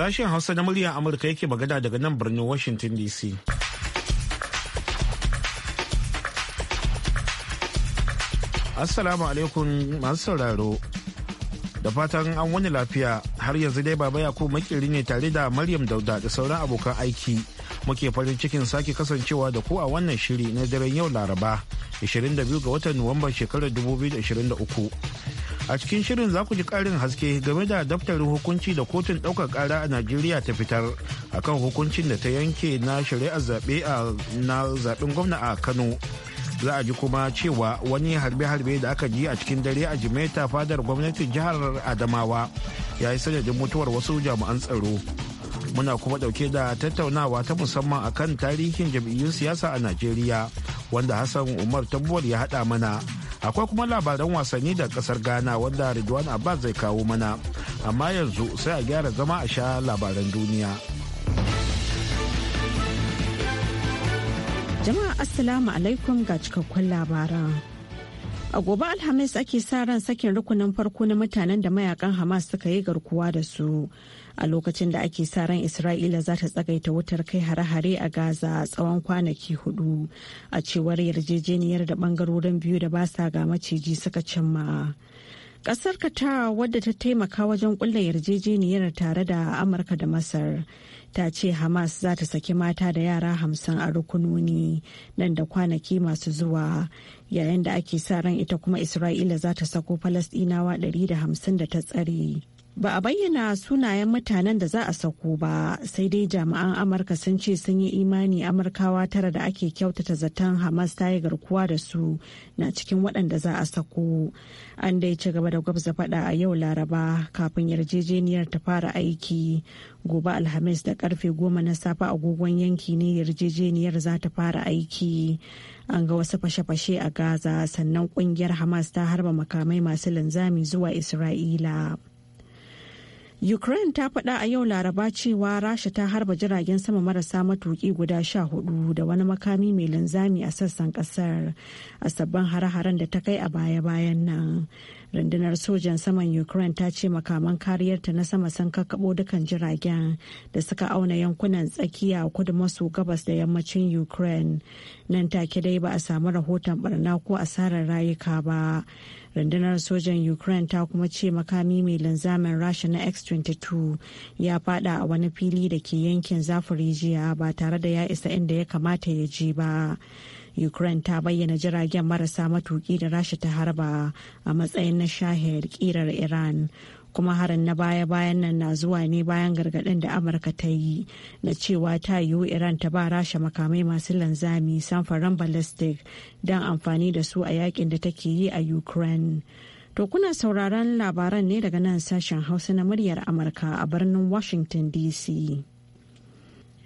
Sashen Hausa na muryar Amurka yake magana daga nan birnin Washington DC. Assalamu alaikum masu sauraro. Da fatan an wani lafiya har yanzu dai baba ko makiri ne tare da Maryam Dauda da sauran abokan aiki. Muke farin cikin sake kasancewa da ku a wannan shiri na daren yau Laraba 22 ga watan Nuwamban shekarar 2023. a cikin shirin za ku ji karin haske game da daftarin hukunci da kotun ɗaukar ƙara a najeriya ta fitar akan hukuncin da ta yanke na shari'ar zaɓe na zaɓen gwamna a kano za a ji kuma cewa wani harbe-harbe da aka ji a cikin dare a ta fadar gwamnatin jihar adamawa ya yi sanadin mutuwar wasu jami'an tsaro muna kuma ɗauke da tattaunawa ta musamman akan tarihin jam'iyyun siyasa a najeriya wanda hassan umar tabbuwar ya haɗa mana akwai kuma labaran wasanni da kasar ghana wanda ridwan abbas zai kawo mana amma yanzu sai a gyara zama a sha labaran duniya jama'a assalamu alaikum ga cikakkun labaran a gobe alhamis ake sa ran sakin rukunin farko na mutanen da mayakan hamas suka yi garkuwa da su a lokacin da ake sa ran isra'ila za ta tsagaita wutar kai hare-hare a gaza tsawon kwanaki hudu a cewar yarjejeniyar da bangarorin biyu da ba sa ga maciji suka cimma kasar qatar wadda ta taimaka wajen ƙulla yarjejeniyar tare da amurka da masar ta ce hamas za ta saki mata da yara hamsin a rukunoni nan da kwanaki masu zuwa yayin da ake sa ran ita kuma isra'ila za ta sako falasdinawa 150 da ta tsare Ba a bayyana sunayen mutanen da za a sako ba, sai dai jami'an Amurka sun ce sun yi imani Amurkawa tara da ake kyautata zaton Hamas ta yi garkuwa da su na cikin waɗanda za a sako. An dai ci gaba da gwabza faɗa a yau Laraba kafin yarjejeniyar ta fara aiki. Gobe Alhamis da karfe goma na safe agogon yanki ne yarjejeniyar za ta fara aiki. An ga wasu fashe-fashe a Gaza sannan ƙungiyar Hamas ta harba makamai masu linzami zuwa Isra'ila. Ukraine ta faɗa a yau Laraba cewa Rasha ta harba jiragen sama marasa matuƙi guda sha hudu da wani makami mai linzami a sassan ƙasar a sabbin hare-haren da ta kai a baya-bayan nan. rundunar sojan saman ukraine ta ce makaman kariyarta na sama sun kakkaɓo dukan jiragen da suka auna yankunan tsakiya kudu maso gabas da yammacin ukraine nan take dai ba a samu rahoton barna ko asarar rayuka ba rundunar sojan ukraine ta kuma ce makami mai linzamin rasha na x-22 ya fada a wani fili da ke yankin zafirijiya ba tare da ya isa inda ya kamata ya je ba ukraine ta bayyana jiragen marasa matuki da rasha ta harba a matsayin na shahir kirar iran kuma harin na baya-bayan nan na zuwa ne bayan gargaɗin da amurka ta yi na cewa ta yiwu iran ta ba rasha makamai masu lanzami samfarin ballistic don amfani da su a yakin da take yi a ukraine to kuna sauraron labaran ne daga nan sashen hausa na muryar amurka a birnin washington dc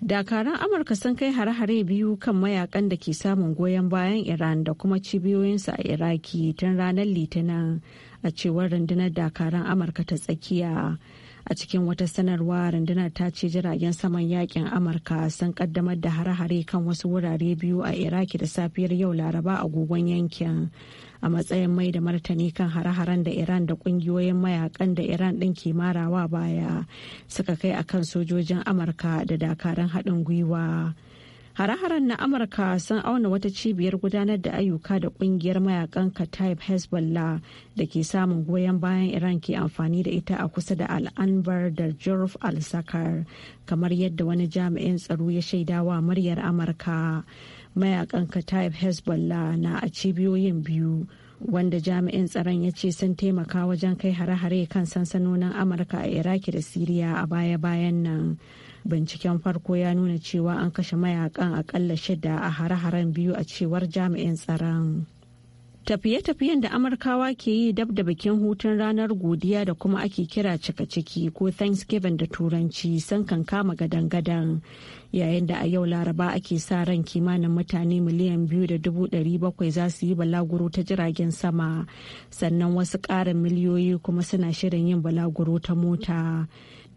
dakaran amurka sun kai hare-hare biyu kan mayakan da ke samun goyon bayan iran da kuma cibiyoyinsu a iraki tun ranar litinin a cewar rundunar dakaran amurka ta tsakiya a cikin wata sanarwa rundunar ta ce jiragen saman yakin amurka sun kaddamar da hare-hare kan wasu wurare biyu a iraki da safiyar yau laraba a gogon yankin a matsayin mai da martani kan hare-haren da iran da kungiyoyin mayakan da iran din ke marawa baya suka kai akan sojojin amurka da dakarun haɗin gwiwa Hare-haren na Amurka sun auna wata cibiyar gudanar da ayyuka da kungiyar mayakan Kataib Hezbollah da ke samun goyon bayan Iran ke amfani da ita a kusa da al'anbar da Jorf al-Sakar kamar yadda wani jami'in tsaro ya shaida wa muryar Amurka. Mayakan Kataib Hezbollah na a cibiyoyin biyu wanda jami'in tsaron ya ce sun taimaka wajen kai hare-hare kan sansanonin Amurka a Iraki da Siriya a baya-bayan nan. binciken farko ya nuna cewa an kashe mayakan akalla shida a hare-haren biyu a cewar jami'in tsaron tafiye-tafiyen da amurkawa ke yi dab da bikin hutun ranar godiya da kuma ake kira cika ciki ko thanksgiving da turanci sun kan kama gadan-gadan yayin da a yau laraba ake sa ran kimanin mutane miliyan biyu da dubu ɗari bakwai za su yi balaguro ta jiragen sama sannan wasu ƙarin miliyoyi kuma suna shirin yin balaguro ta mota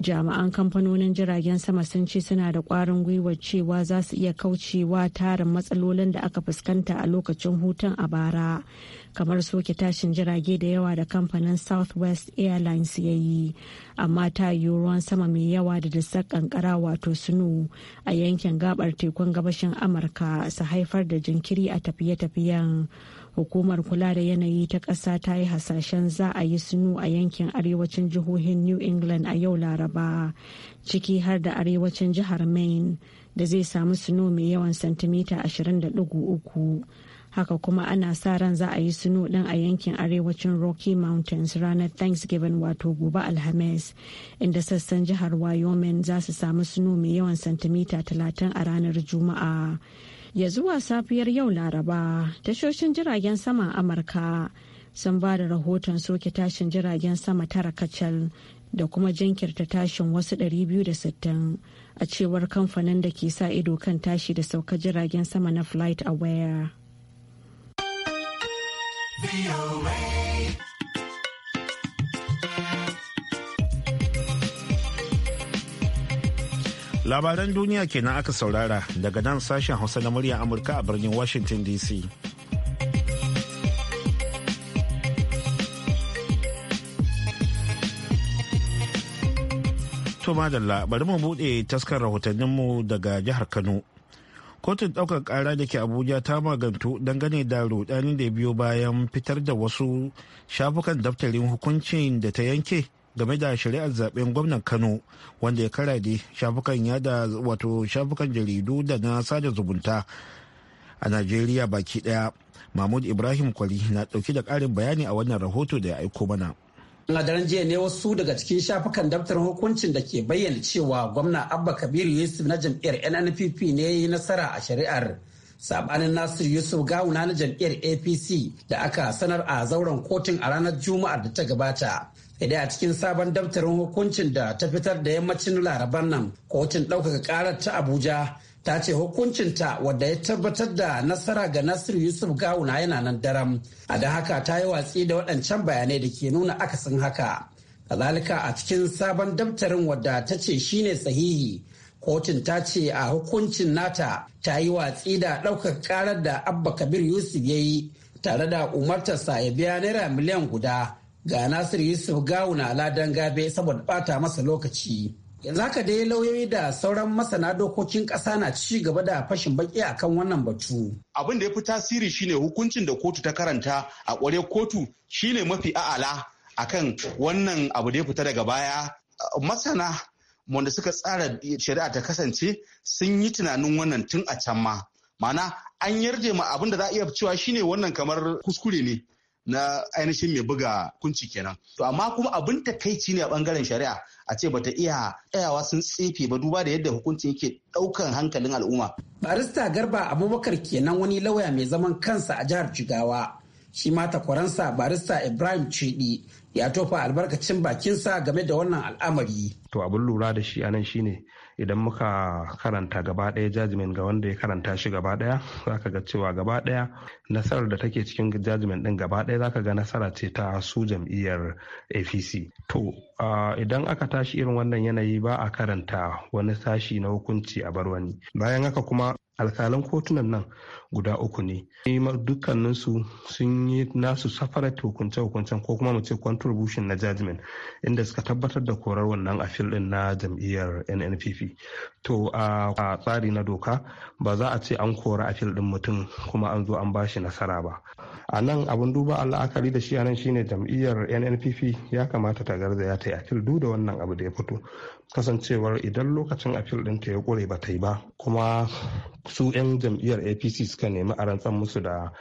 jami'an kamfanonin jiragen sama sun ce suna da kwarin gwiwar cewa za su iya kaucewa tarin matsalolin da aka fuskanta a lokacin hutun a bara kamar soke tashin jirage da yawa da kamfanin southwest airlines ya yi amma ta yi ruwan sama mai yawa da dasar kankara wato snow a yankin gabar tekun gabashin amurka su haifar da jinkiri a tafiye-tafiyen hukumar kula da yanayi ta ƙasa ta yi hasashen za a yi sunu a yankin arewacin jihohin new england a yau laraba ciki har da arewacin jihar maine da zai samu sunu mai yawan santimita 20.3 haka kuma ana sa ran za a yi sunu ɗin a yankin arewacin rocky mountains ranar thanksgiving wato gobe alhamis inda sassan jihar wyoming za su samu sunu mai yawan santimita 30 a ranar juma'a ya zuwa safiyar yau laraba tashoshin jiragen sama amurka sun ba da rahoton soke tashin jiragen sama tara kacal da kuma jinkirta tashin wasu 260 a cewar kamfanin da ke sa ido kan tashi da sauka jiragen sama na flight aware. labaran duniya kenan aka saurara daga nan sashen hausa na murya amurka a birnin washington dc to madalla bari mu bude taskar mu daga jihar kano kotun ɗaukar ƙara da ke abuja ta magantu dangane da rudani da biyo bayan fitar da wasu shafukan daftarin hukuncin da ta yanke game da shari'ar zaben gwamnan kano wanda ya da shafukan yada wato shafukan jaridu da na sada zumunta a najeriya baki daya mahmud ibrahim kwali na dauki da karin bayani a wannan rahoto da ya aiko mana a daren jiya ne wasu daga cikin shafukan daftar hukuncin da ke bayyana cewa gwamna abba kabiru yusuf na jam'iyyar nnpp ne ya yi nasara a shari'ar sabanin nasir yusuf gawuna na jam'iyyar apc da aka sanar a zauren kotun a ranar juma'ar da ta gabata idan a cikin sabon daftarin hukuncin da ta fitar da yammacin laraban nan kotun ɗaukaka ƙarar ta abuja ta ce ta wadda ya tabbatar da nasara ga nasir yusuf gawuna yana nan daram a da haka ta yi watsi da waɗancan bayanai da ke nuna akasin haka kazalika a cikin sabon daftarin wadda ta ce shine sahihi kotun ta ce a hukuncin nata ta yi watsi da ɗaukaka karar da abba kabir yusuf ya yi tare da umartarsa ya biya naira miliyan guda ga Nasir Yusuf Gawuna Ladan Gabe saboda bata masa lokaci. Yanzu haka dai lauyoyi da sauran masana dokokin ƙasa na ci gaba da fashin baki akan wannan batu. Abin da ya fi tasiri shine hukuncin da kotu ta karanta a ƙware kotu shine mafi a'ala a kan wannan abu da ya fita daga baya. Masana wanda suka tsara shari'a ta kasance sun yi tunanin wannan tun a can ma. Ma'ana an yarje ma abin da za a iya cewa shine wannan kamar kuskure ne. na ainihin mai buga kunci kenan to amma kuma abin takaici ne a bangaren shari'a a ce bata iya tsayawa sun tsefe ba duba da yadda hukuncin yake daukan hankalin al'umma barista garba abubakar kenan wani lauya mai zaman kansa a jihar jigawa shi ma takwaransa barista ibrahim cidi ya tofa albarkacin bakinsa game da wannan al'amari to abin lura da shi anan shine idan muka karanta gaba ɗaya jajimin ga wanda ya karanta shi gaba ɗaya zaka ga cewa gaba ɗaya nasarar da take cikin jajimin ɗin gaba ɗaya zaka ga nasara ce ta su jam'iyyar apc to idan aka tashi irin wannan yanayi ba a karanta wani sashi na hukunci a bar wani bayan haka kuma alkalan kotunan nan guda uku ne dukkaninsu sun yi nasu separate hukunce-hukuncen ko kuma mu ce contribution na judgment inda suka tabbatar da korar wannan afil din na jam'iyyar nnpp to a tsari na doka ba za a ce an kora afil din mutum kuma an zo an ba shi nasara ba a nan abin duba a la'akari da shi a nan shine jam'iyyar nnpp ya kamata ta garza ya ta yi afil duk da wannan abu da ya fito kasancewar idan lokacin afil din ta ya kure ba ta yi ba kuma su 'yan jam'iyyar apc suka nemi a rantsar musu da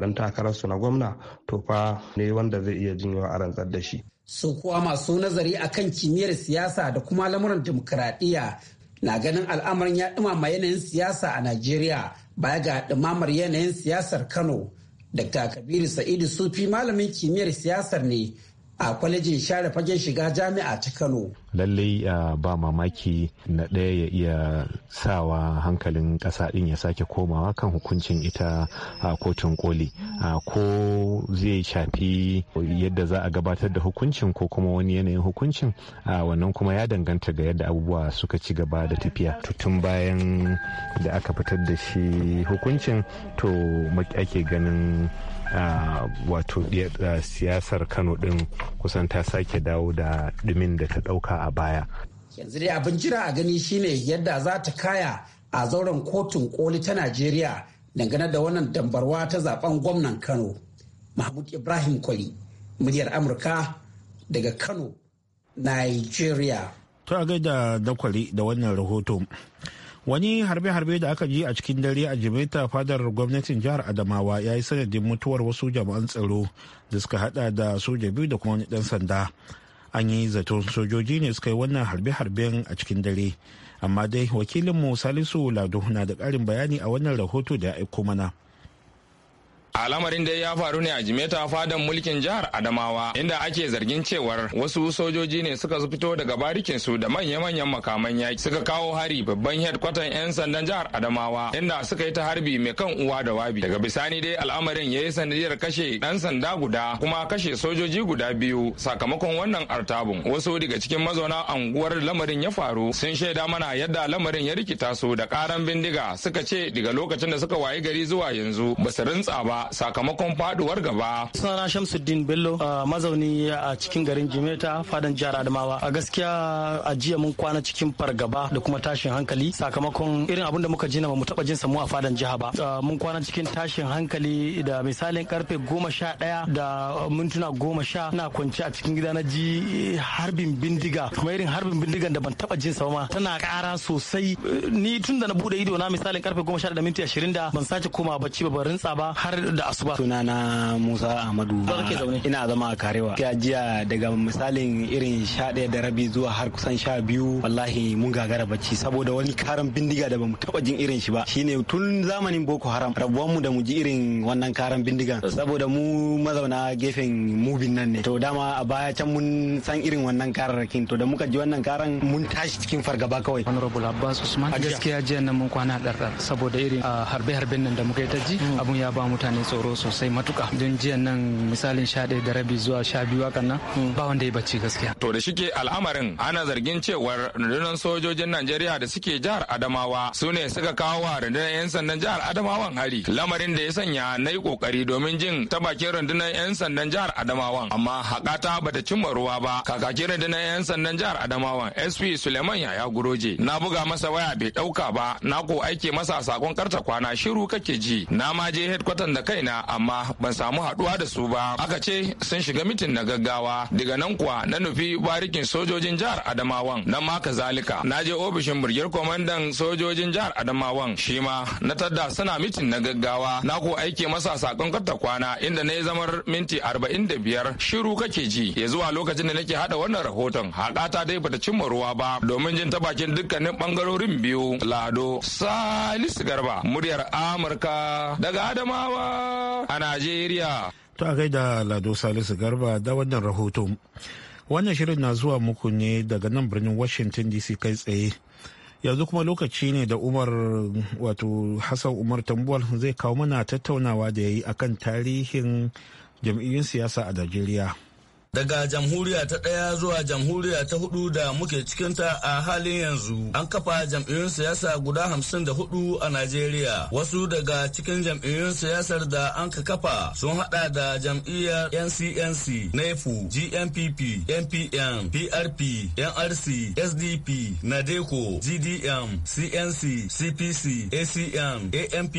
dan takararsu na gwamna to fa ne wanda zai iya jinyewa a rantsar da shi. Su kuwa masu nazari a kan kimiyyar siyasa da kuma lamuran dimokuraɗiyya na ganin al'amarin ya ɗumama yanayin siyasa a Najeriya baya ga ɗumamar yanayin siyasar Kano. Dr. Kabiru Sa'idu Sufi malamin kimiyyar siyasar ne a kwalejin share fagen shiga jami'a ta kano lallai ba mamaki na ɗaya ya iya sawa hankalin ƙasa ɗin ya sake komawa kan hukuncin ita a kotun koli ko zai shafi yadda za a gabatar da hukuncin ko kuma wani yanayin hukuncin wannan kuma ya danganta ga yadda abubuwa suka ci gaba da tafiya Tutun bayan da aka fitar da shi hukuncin to ake ganin wato siyasar kano din kusan ta sake dawo da dumin da ta dauka a baya yanzu dai abin jira a gani shine yadda za ta kaya a zauren kotun koli ta najeriya dangane da wannan dambarwa ta zaben gwamnan kano mahmud ibrahim kwali muryar amurka daga kano nigeria ta gaida dakwali da wannan rahoton wani harbe-harbe da aka ji a cikin dare a jimeta fadar gwamnatin jihar adamawa ya yi sanadin mutuwar wasu jama'an tsaro da suka hada da soja biyu da kuma wani dan sanda an yi zaton sojoji ne suka yi wannan harbe-harben a cikin dare amma dai wakilinmu salisu lado na da karin bayani a wannan rahoto da ya aiko mana al'amarin da ya faru ne a jimeta fadan mulkin jihar adamawa inda ake zargin cewar wasu sojoji ne suka fito daga barikin su da manya-manyan makaman yaki suka kawo hari babban hedkwatan 'yan sandan jihar adamawa inda suka yi ta harbi mai kan uwa da wabi daga bisani dai al'amarin ya yi sanadiyar kashe dan sanda guda kuma kashe sojoji guda biyu sakamakon wannan artabun wasu daga cikin mazauna anguwar lamarin ya faru sun shaida mana yadda lamarin ya rikita su da karan bindiga suka ce daga lokacin da suka wayi gari zuwa yanzu ba su rintsa ba sakamakon faduwar gaba. Sunana Shamsuddin Bello mazauni a cikin garin Jimeta fadan jihar Adamawa. A gaskiya a jiya mun kwana cikin fargaba da kuma tashin hankali sakamakon irin abin da muka ji na mu taba jin samu a fadan jiha ba. Mun kwana cikin tashin hankali da misalin karfe goma sha ɗaya da mintuna goma sha na kwance a cikin gida na ji harbin bindiga kuma irin harbin bindigan da ban taba jin sa ma tana kara sosai ni tun da na bude ido na misalin karfe goma sha da minti ashirin da ban sace koma bacci ba ban rintsa ba har da asuba sunana musa ahmadu ina zama a karewa jiya daga misalin irin sha ɗaya da rabi zuwa har kusan sha biyu wallahi mun gagara bacci saboda wani karan bindiga da bamu taba jin irin shi ba shine tun zamanin boko haram rabuwan mu da mu ji irin wannan karan bindigan saboda mu mazauna gefen mubin nan ne to dama a baya can mun san irin wannan kararrakin to da muka ji wannan karan mun tashi cikin fargaba kawai honorable abbas usman a gaskiya jiya nan mun kwana ɗarɗar saboda irin ah, harbe-harben nan da muka yi ta ji mm. abun ya ba mutane tsoro sosai matuka don jiya nan misalin sha da rabi zuwa sha biyu hakan nan ba wanda ya bacci gaskiya. To da shike al'amarin ana zargin cewar rundunar sojojin Najeriya da suke jihar Adamawa su ne suka kawo wa rundunar 'yan sandan jihar Adamawan hari lamarin da ya sanya na yi kokari domin jin ta bakin rundunar 'yan sandan jihar Adamawan amma hakata bata cimma ruwa ba kakakin rundunar 'yan sandan jihar Adamawan SP Suleiman Yaya Guroje na buga masa waya bai dauka ba na ko aike masa sakon karta kwana shiru kake ji na ma je headquarter da kaina amma ban samu haduwa da su ba aka ce sun shiga mitin na gaggawa daga nan kuwa na nufi barikin sojojin jihar adamawan na ma kazalika na je ofishin burgiyar kwamandan sojojin jihar adamawan shi ma na tadda suna mitin na gaggawa na ko aiki masa sakon karta kwana inda na yi zamar minti arba'in da biyar shiru kake ji ya zuwa lokacin da nake hada wannan rahoton haɗata dai bata cimma ruwa ba domin jin ta bakin dukkanin bangarorin biyu lado salisu garba muryar amurka daga adamawa a Najeriya. ta a gaida Lado Salisu Garba da wannan rahoto. Wannan shirin na zuwa muku ne daga nan birnin Washington DC kai tsaye. Yanzu kuma lokaci ne da Umar wato Hassan Umar Tambuwal zai kawo mana tattaunawa da ya yi akan tarihin jam'iyyun siyasa a Najeriya. daga jamhuriya ta ɗaya zuwa jamhuriya ta hudu da muke cikinta a halin yanzu an kafa jam'iyyun siyasa guda hamsin da hudu a najeriya wasu daga cikin jam'iyyun siyasar da an ka kafa sun hada da jam'iyyar ncnc nefu GMPP, npm prp nrc sdp nadeco gdm cnc cpc acm ampp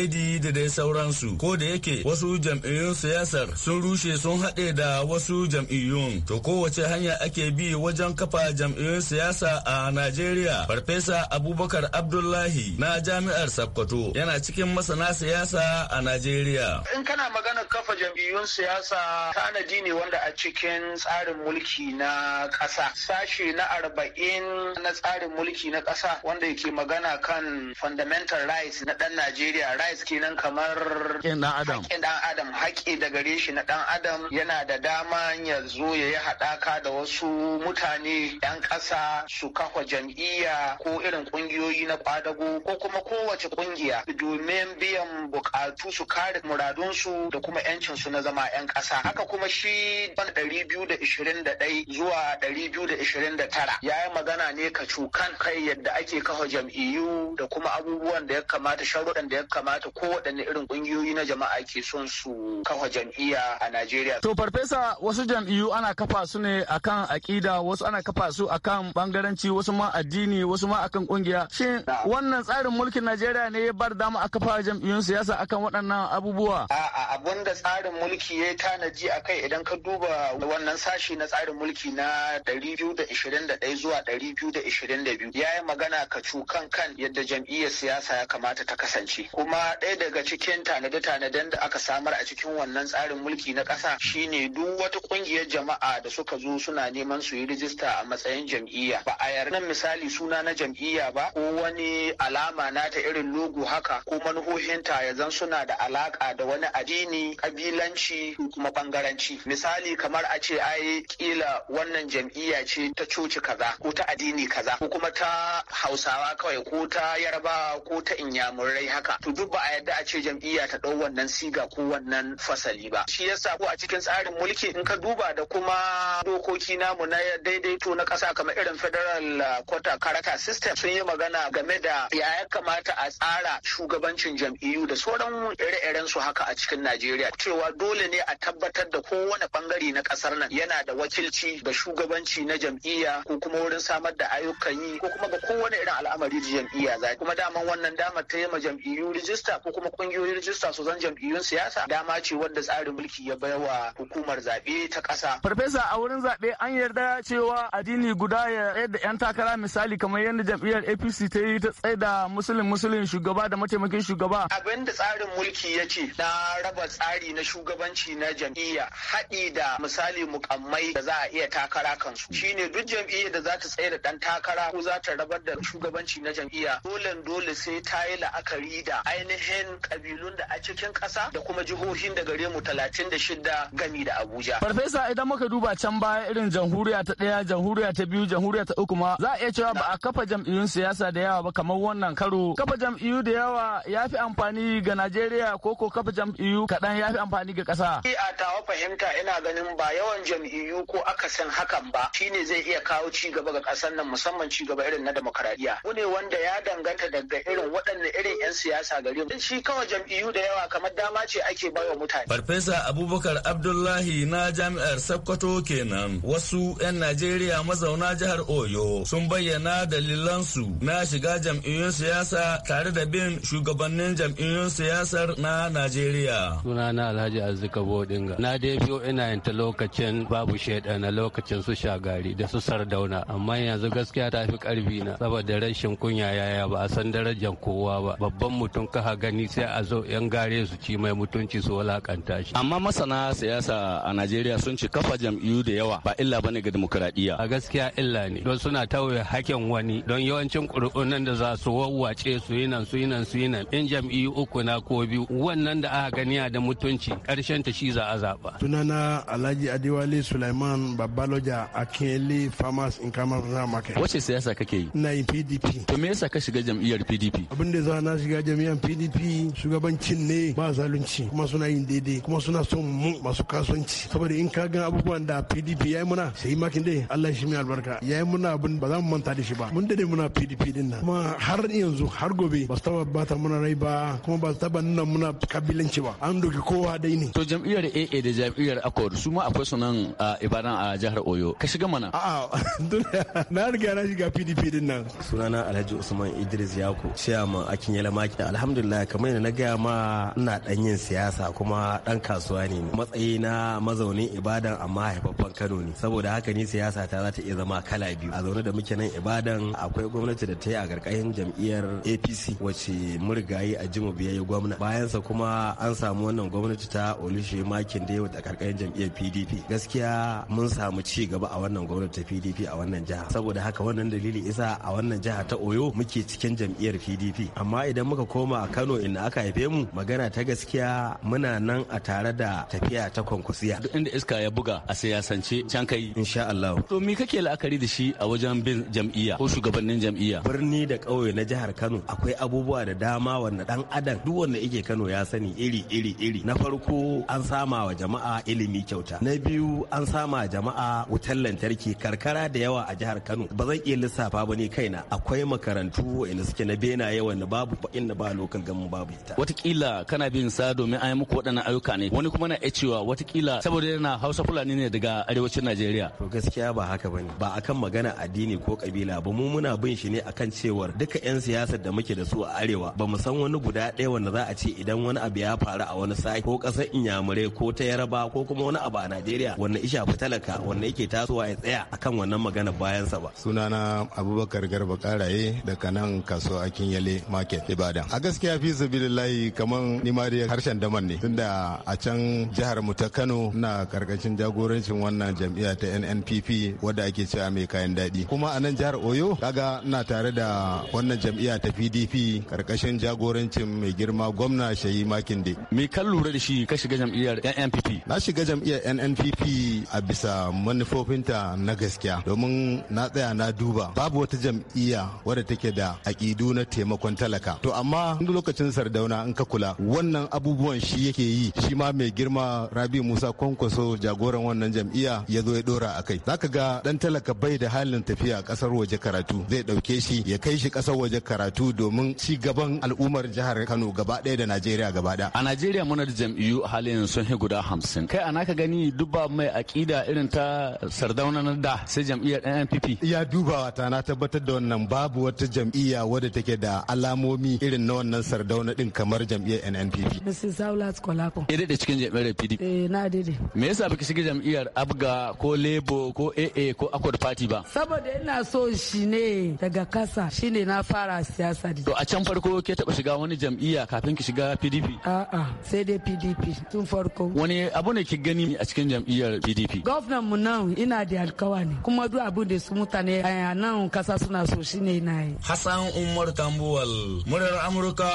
ad e da dai sauransu ko da yake wasu jam'iyyun siyasar sun rushe sun haɗe da wasu jam'iyyun. To kowace hanya ake bi wajen kafa jam'iyyun siyasa a Najeriya. Farfesa Abubakar Abdullahi na Jami'ar Sokoto yana cikin masana siyasa a Najeriya. In kana magana kafa jam'iyyun siyasa tanadi ne wanda a cikin tsarin mulki na kasa Sashe na arba'in na tsarin mulki na ƙasa wanda yake magana kan fundamental rights na ɗan Najeriya rights kenan kamar haƙƙin ɗan adam haƙƙi da gare shi na ɗan adam yana da dama sannan ya zo ya yi haɗaka da wasu mutane 'yan ƙasa su kafa jam'iyya ko irin ƙungiyoyi na kwadago ko kuma kowace ƙungiya domin biyan buƙatu su kare muradunsu da kuma 'yancinsu na zama 'yan ƙasa. Haka kuma shi ban 221 zuwa 229 ya yi magana ne ka cukan kai yadda ake kafa jam'iyyu da kuma abubuwan da ya kamata sharuɗan da ya kamata kowaɗanne irin ƙungiyoyi na jama'a ke son su kafa jam'iyya a Najeriya. To farfesa wasu jam'iyyu ana kafa su ne akan aƙida wasu ana kafa su akan bangaranci wasu ma addini wasu ma akan kungiya shin wannan tsarin mulkin Najeriya ne ya bar dama a kafa jam'iyyun siyasa akan waɗannan abubuwa a'a abun da tsarin mulki ya tanaji akai idan ka duba wannan sashi na tsarin mulki na 221 zuwa 222 ya magana ka cukan kan yadda jam'iyyar siyasa ya kamata ta kasance kuma ɗaya daga cikin tanade-tanaden da aka samar a cikin wannan tsarin mulki na ƙasa shine duk wata kungiyar jama'a da suka zo suna neman su yi rijista a matsayin jam'iyya ba a yarda misali suna na jam'iyya ba ko wani alama na ta irin logo haka ko manuhohinta ya zan suna da alaka da wani addini kabilanci ko kuma bangaranci misali kamar a ce ai kila wannan jam'iyya ce ta coci kaza ko ta addini kaza ko kuma ta hausawa kawai ko ta yarbawa ko ta inyamurai haka to duk ba a yarda a ce jam'iyya ta ɗau wannan siga ko wannan fasali ba shi yasa ko a cikin tsarin mulki in ka duba da kuma dokoki namu na daidaito na ƙasa kamar irin federal kwata uh, karata system sun yi magana game da ya ya kamata a tsara shugabancin jam'iyyu da sauran ire-iren su haka a cikin Najeriya cewa dole ne a tabbatar da kowane bangare na ƙasar nan yana da wakilci da shugabanci na jam'iyya ko kuma wurin samar da ayyukan yi ko kuma ga kowane irin al'amari da jam'iyya za kuma daman wannan damar ta yi ma jam'iyyu rijista ko kuma ƙungiyoyin rijista su zan jam'iyyun siyasa dama ce wanda tsarin mulki ya baiwa hukumar zaɓe ta ƙasa. Farfesa a wurin zaɓe an yarda cewa addini guda ya yadda 'yan takara misali kamar yadda jam'iyyar APC ta yi ta tsaida musulun musulun shugaba da mataimakin shugaba. Abin da tsarin mulki ya ce na raba tsari na shugabanci na jam'iyya haɗi da misali mukammai da za a iya takara kansu. Shine duk jam'iyyar da za ta tsaida ɗan takara ko za ta rabar da shugabanci na jam'iyya dole dole sai ta yi la'akari da ainihin kabilun da a cikin ƙasa da kuma jihohin da gare mu talatin da shida gami da Abuja. farfesa idan muka duba can baya irin jamhuriya ta ɗaya jamhuriya ta biyu jamhuriya ta uku ma za a iya cewa ba a kafa jam'iyyun siyasa da yawa ba kamar wannan karo kafa jam'iyyu da yawa ya fi amfani ga najeriya ko ko kafa jam'iyyu kaɗan ya fi amfani ga ƙasa. a tawa fahimta ina ganin ba yawan jam'iyyu ko san hakan ba shi ne zai iya kawo ci gaba ga ƙasar nan musamman ci gaba irin na demokaradiyya Ku ne wanda ya danganta daga irin waɗanne irin 'yan siyasa gari mu shi kawai jam'iyyu da yawa kamar dama ce ake bawa mutane. farfesa abubakar abdullahi na ja jami'ar Sokoto kenan. Wasu 'yan Najeriya mazauna jihar Oyo sun bayyana dalilansu na shiga jam'iyyun siyasa tare da bin shugabannin jam'iyyun siyasar na Najeriya. Sunana Alhaji Azzika Bodinga. Na dai biyo ina yin ta lokacin babu shaida na lokacin su shagari da su sardauna. Amma yanzu gaskiya ta fi karfi na saboda rashin kunya yaya ba a san darajar kowa ba. Babban mutum ka gani sai a zo 'yan gare su ci mai mutunci su walakanta shi. Amma masana siyasa a Najeriya sun ci kafa jam'iyyu da yawa ba illa bane ga demokuraɗiyya. A gaskiya illa ne don suna tauye hakin wani don yawancin ƙuri'un da za su wawwace su yi nan su yi nan su yi nan in jam'iyyu uku na ko biyu wannan da aka gani da mutunci karshen ta shi za a zaɓa. Sunana Alhaji Adewale Sulaiman Babaloja Akinle Farmers in Kamar Market. Wace siyasa kake yi? Na yi PDP. To me yasa ka shiga jam'iyyar PDP? Abin da za na shiga jam'iyyar PDP shugabancin ne ba zalunci kuma suna yin daidai kuma suna son mu masu kasuwanci saboda in in ka gan abubuwan da pdp ya yi muna sai makin dai allah shi mai albarka ya yi muna abin ba za mu manta da shi ba mun dade muna pdp din nan kuma har yanzu har gobe ba su taba ta muna rai ba kuma ba su taba nuna muna kabilanci ba an doki kowa dai ne. to jam'iyyar aa da jam'iyyar akor su ma akwai sunan a ibadan a jihar oyo ka shiga mana. a'a na riga na shiga pdp din nan. sunana alhaji usman idris yako ciyaman akin yala maki alhamdulillah kamar yadda na gaya ma ina dan yin siyasa kuma dan kasuwa ne matsayi na mazaunin ibadan amma haifaffen kano ne saboda haka ne siyasa ta za ta iya zama kala biyu a zaune da muke nan ibadan akwai gwamnati da ta yi a karkashin jam'iyyar apc wacce murigayi a jimu biyayya gwamna bayansa kuma an samu wannan gwamnati ta olushe makin da yau a karkashin jam'iyyar pdp gaskiya mun samu ci gaba a wannan gwamnati ta pdp a wannan jiha saboda haka wannan dalili isa a wannan jiha ta oyo muke cikin jam'iyyar pdp amma idan muka koma a kano inda aka haife mu magana ta gaskiya muna nan a tare da tafiya ta kwankwasiya duk inda iska ya buga a siyasance can kai insha Allah to me kake la'akari da shi a wajen bin jam'iyya ko shugabannin jam'iyya birni da kauye na jihar Kano akwai abubuwa da dama wanda dan adam duk wanda yake Kano ya sani iri iri iri na farko an sama wa jama'a ilimi kyauta na biyu an sama wa jama'a wutar lantarki karkara da yawa a jihar Kano ba zan iya lissafa ba ne kaina akwai makarantu wanda suke na benaye wanda babu inda ba lokal babu ita watakila kana bin sa domin an yi muku waɗannan ayyuka ne wani kuma na iya cewa watakila saboda magana hausa fulani ne daga arewacin najeriya to gaskiya ba haka bane ba akan magana addini ko kabila ba mu muna bin shi ne akan cewar duka yan siyasar da muke da su a arewa ba mu san wani guda ɗaya wanda za a ce idan wani abu ya faru a wani sai ko ƙasar inyamurai ko ta yaraba ko kuma wani abu a najeriya wanda isha talaka wanda yake tasowa ya tsaya akan wannan magana sa ba sunana abubakar garba karaye daga nan kaso akin yale market ibadan a gaskiya fi sabilillahi kaman ni ma harshen daman ne tunda a can jihar mu ta kano na karkashin jagorancin wannan jam'iyya ta nnpp wadda ake cewa mai kayan daɗi kuma a nan jihar oyo kaga ina tare da wannan jam'iyya ta pdp karkashin jagorancin mai girma gwamna shayi makinde me kan lura da shi ka shiga jam'iyyar nnpp na shiga jam'iyyar nnpp a bisa manufofinta na gaskiya domin na tsaya na duba babu wata jam'iyya wadda take da aƙidu na taimakon talaka to amma lokacin sardauna in ka kula wannan abubuwan shi yake yi shi ma mai girma rabi musa kwankwaso jagoran wannan jam'iyya ya zo ya dora a kai. Zaka ga dan talaka bai da halin tafiya kasar waje karatu zai dauke shi ya kai shi kasar waje karatu domin ci gaban al'ummar jihar Kano gaba ɗaya da Najeriya gaba ɗaya. A Najeriya muna da jam'iyyu a halin sun hi guda hamsin. Kai a ka gani duba mai aƙida irin ta sardauna na da sai jam'iyyar NPP. Ya dubawa ta na tabbatar da wannan babu wata jam'iyya wadda take da alamomi irin na wannan sardauna din kamar jam'iyyar NNPP. Mrs. Saulat Kolako. Ya daɗe cikin jam'iyyar PDP. Eh na daɗe. Me yasa baki shiga jam'iyyar abga ko lebo ko aa ko accord party ba saboda ina so shi ne daga kasa shine na fara siyasa to a can farko ke taba shiga wani jam'iyya kafin ki shiga pdp a'a sai dai pdp tun farko wani abu ne ki gani a cikin jam'iyyar pdp gwamnan mu nan ina da alkawa ne kuma duk abu da su mutane a nan kasa suna so shine na yi hassan umar tambuwal murar amurka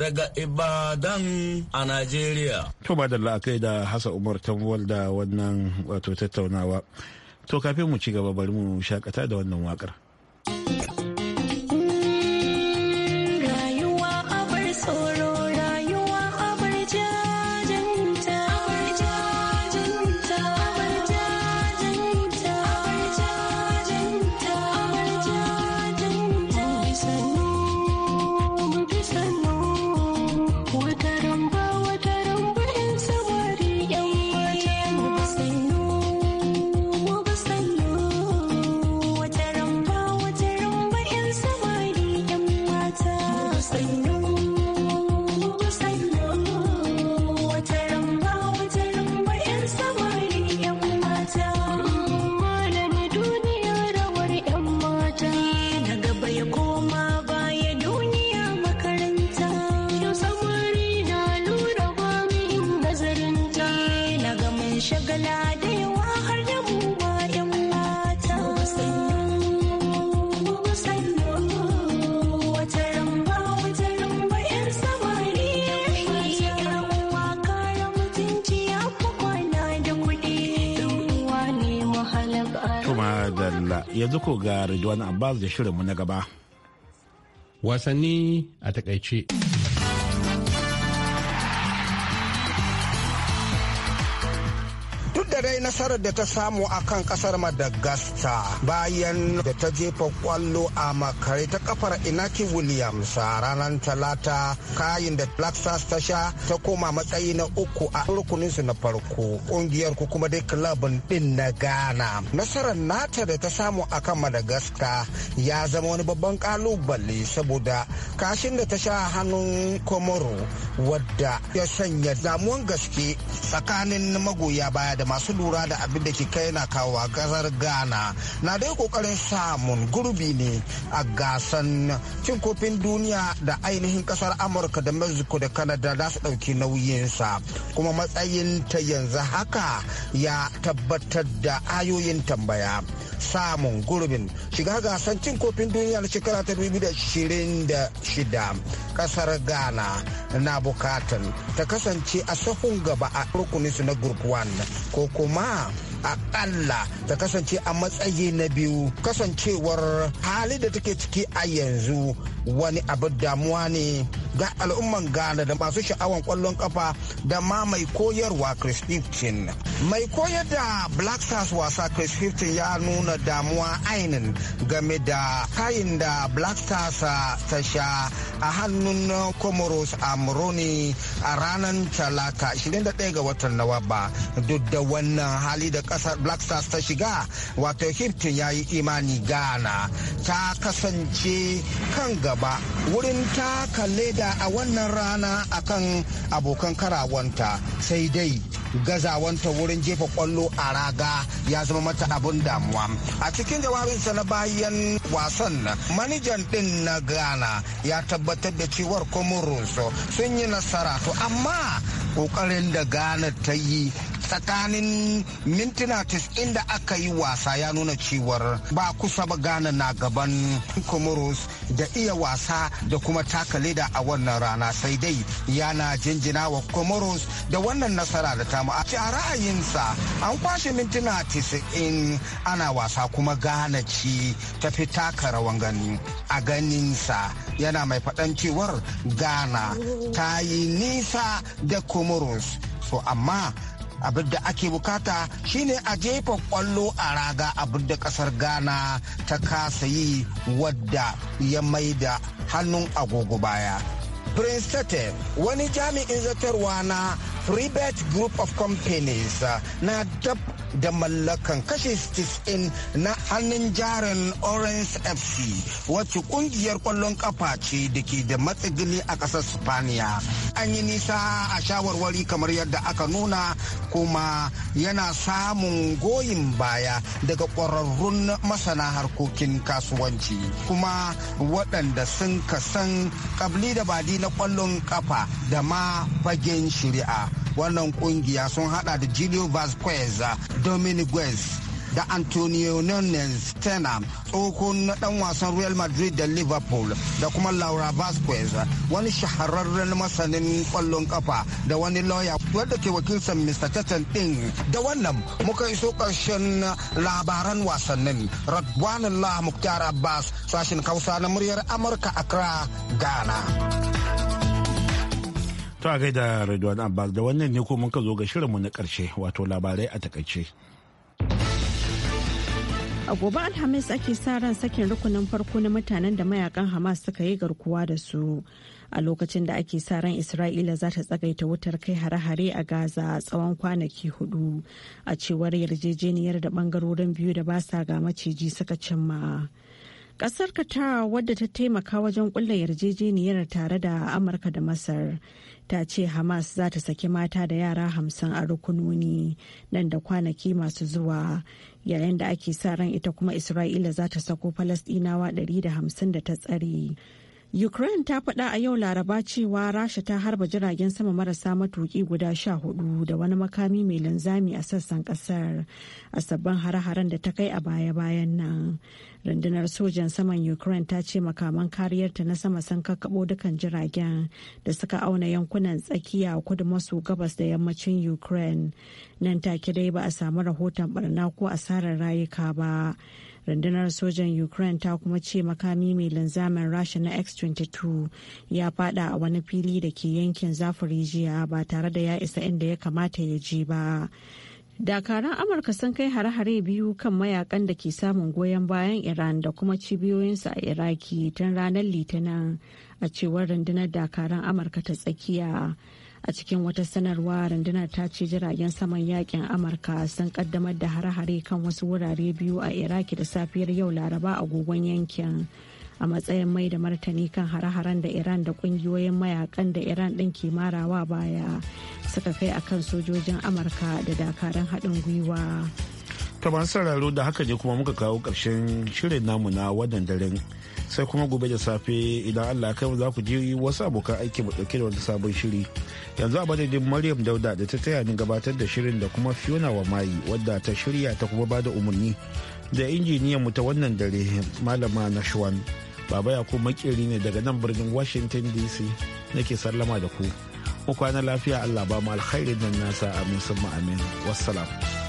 daga ibadan a najeriya to madalla akai da hassan umar tambuwal da wannan wato tattaunawa to kafin mu ci gaba bari mu shakata da wannan waƙar. ga Ridwan Abbas da shirinmu na gaba. Wasanni a takaice. dai nasarar da ta samu a kan kasar madagascar bayan da ta jefa kwallo a makare ta kafar inaki williams a ranar talata kayan da black stars ta sha ta koma matsayi na uku a rukuninsu na farko kungiyar ku kuma dai kilabin din na ghana nasarar nata da ta samu a kan madagascar ya zama wani babban kalubale saboda kashin da ta sha hannun komoro wadda ya sanya damuwan gaske tsakanin magoya baya da masu lura da abin da ke kai na kawo a kasar ghana na dai kokarin samun gurbi ne a gasan cin kofin duniya da ainihin kasar amurka da mexico da canada za su ɗauki nauyinsa kuma matsayinta yanzu haka ya tabbatar da ayoyin tambaya samun gurbin shiga gasar cin kofin duniya na shekara ta 2026 kasar ghana na bukatan ta kasance a sahun gaba a su na group 1 ko kuma a akalla ta kasance a matsayi na biyu kasancewar hali da take ciki a yanzu wani abu damuwa ne ga al'umman Ghana da masu sha'awan kwallon kafa da ma mai koyarwa Chris Hifton. Mai koyar da Black Stars wasa Chris Hifton ya nuna damuwa ainin game da kayin da Black Stars uh, ta sha a hannun uh, Comoros a Moroni a ranar Talata 21 ga watan Nawaba duk da wannan hali da kasar Black Stars ta shiga wato Hifton ya yi imani Ghana ta kasance kan gaba wurin taka leda da a wannan rana akan abokan karawanta sai dai gazawanta wurin jefa kwallo a raga ya zama mata abin damuwa a cikin jawabinsa na bayan wasan manijan din na ghana ya tabbatar da cewar comoros sun yi nasara to amma kokarin da ghana ta yi tsakanin mintuna 90 da aka yi wasa ya nuna cewar ba kusa ba Ghana na gaban Comoros da iya wasa da kuma taka leda a wannan rana sai dai yana jinjina wa Comoros da wannan nasara da tamu a ra'ayinsa an kwashe mintuna 90 ana wasa kuma gana ci ta fi taka rawan gani a ganinsa yana mai faɗan cewar gana ta yi nisa da Comoros so amma abin da ake bukata shine a jefa kwallo a raga abin da kasar ghana ta kasa yi wadda ya maida hannun agogo baya prince tete wani jami'in zartarwa na freebet group of companies na dab da mallakan kashe 90 na hannun jarin orange fc wacce kungiyar kwallon kafa ce da ke da matsigili a ƙasar spaniya an yi nisa a shawarwari kamar yadda aka nuna kuma yana samun goyin baya daga ƙwararrun masana harkokin kasuwanci kuma waɗanda sun kasan kabli da badi na kwallon kafa da ma fagen shari'a wannan kungiya sun hada da Julio Vasquez dominguez da antonio nunes tenam tsohon na dan wasan real madrid da liverpool da kuma laura vasquez wani shahararren masanin kwallon kafa da wani lawyer wadda ke wakilsa mr tetan din da wannan muka iso karshen labaran wasannin radwanullah mukhtar abbas sashin kausa na muryar amurka accra ghana To a gaida Redwan Abbas da wannan ne ko ka zo ga shirinmu na karshe wato labarai a takaice. A gobe Alhamis ake sa ran sakin rukunin farko na mutanen da mayakan Hamas suka yi garkuwa da su. A lokacin da ake sa ran Isra'ila za ta tsagaita wutar kai hare-hare a Gaza tsawon kwanaki hudu a cewar yarjejeniyar da bangarorin biyu da ba sa ga maciji suka cimma. Ƙasar Qatar wadda ta taimaka wajen ƙulla yarjejeniyar tare da Amurka da Masar ta ce Hamas za ta saki mata da yara hamsin a rukunoni nan da kwanaki masu zuwa yayin da ake sa ran ita kuma Isra'ila za ta sako Falasɗinawa 150 da ta tsare. Ukraine ta faɗa a yau Laraba cewa Rasha ta harba jiragen sama marasa matuƙi guda sha hudu da wani makami mai linzami a sassan ƙasar a sabbin hare-haren da ta kai a baya-bayan nan. Rundunar sojan saman Ukraine ta ce makaman kariyarta na sama sun kakkaɓo dukan jiragen da suka auna yankunan tsakiya kudu maso gabas da yammacin Ukraine. Nan take dai ba a samu rahoton barna ko asarar rayuka ba. rundunar sojan ukraine ta kuma ce makami mai linzamin rasha na x-22 ya fada a wani fili da ke yankin zafirijiya ba tare da ya isa inda ya kamata ya je ba dakaran amurka sun kai hare-hare biyu kan mayakan da ke samun goyon bayan iran da kuma cibiyoyinsu a iraki tun ranar litinin a cewar rundunar dakaran amurka ta tsakiya a cikin wata sanarwa rundunar ta ce jiragen saman yakin amurka sun kaddamar da hare-hare kan wasu wurare biyu a iraki da safiyar yau laraba a gogon yankin a matsayin mai da martani kan hare-haren da iran da kungiyoyin mayakan da iran din ke marawa baya suka kai akan sojojin amurka da dakarun haɗin gwiwa ta masu da haka ne kuma muka kawo ƙarshen shirin namu na wannan daren sai kuma gobe da safe idan allah kai za ku ji wasu abokan aiki mu dauke da wani sabon shiri yanzu a madadin maryam dauda da ta taya ni gabatar da shirin da kuma fiona wa mayi wadda ta shirya ta kuma bada umarni da injiniyan mu ta wannan dare malama na shuwan baba ya ko makeri ne daga nan birnin washington dc nake sallama da ku mu kwana lafiya allah ba mu alkhairin nan nasa amin sun amin wassalam